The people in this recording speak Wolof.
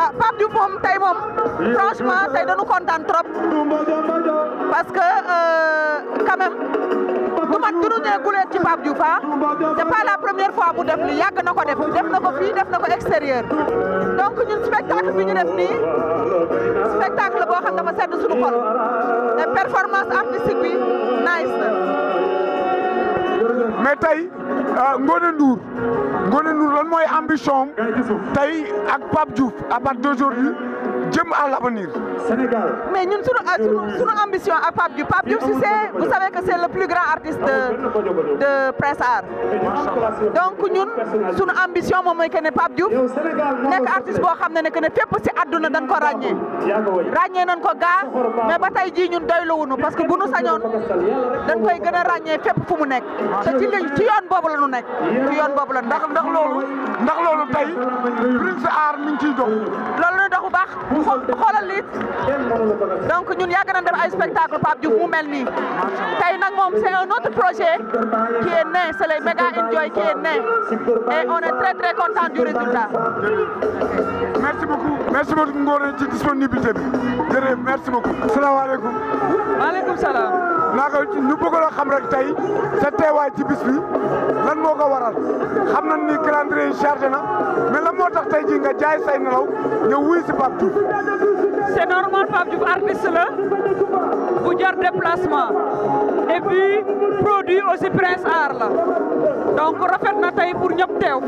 ah Pape Diouf moom tey moom franchement tey dañu kontaan trop parce que euh, quand même bu man du ñu nee guleet ci Pape Diouf ah c'est pas la première fois bu def li yàgg na ko def def na ko fii def na ko extérieur donc ñun spectacle bi ñu def nii spectacle boo xam dama sedd suñu xol te performance artistique bi nice na tey Euh, Ngone Ndour Ngone Ndour lan mooy ambition am tey ak Pape Diouf à partir d'aujourd'hui jëm à l'avenir Sénégal mais ñun sunu ah, sunu ambition ak Pape Diouf Pape Diouf Cissé vous savez que c'est le plus grand artiste de euh, de Prince Art donc ñun sunu ambition moom mooy que ne Pape nekk artiste boo xam ne ne que ne fépp si àdduna dañ ko ràññee ràññee nañ ko gaa mais ba tey jii ñun doyluwuñu parce que bu nu sañoon dañ koy gën a ràññee fépp fu mu nekk te ci li ci yoon boobu la ñu nekk ci yoon boobu la ndax ndax loolu ndax loolu tey Prince Art mi ngi ciy dox loolu la dox bu xoolal lii donc ñun yàgg nañ def ay spectacle Pape Diouf mu mel nii tey nag moom c'est un autre projet qui est né c'est le enjoy qui est né et on est très très content du résultat. merci beaucoup merci beaucoup Ngoré ci disponibilité bi jërëjëf merci beaucoup. salaamaaleykum. maaleykum salaam. naa ko ñu a xam rek tey sa teewaay ci bis lan moo ko waral xam nañ ni calendrier yi chargé na moo tax tey jii nga jaay say nelaw ñëw wuy si Pape Diouf. c'est normal Pape Diouf artiste la bu jar déplacement et puis produit aussi Prince Art la donc rafet na tey pour ñëpp teew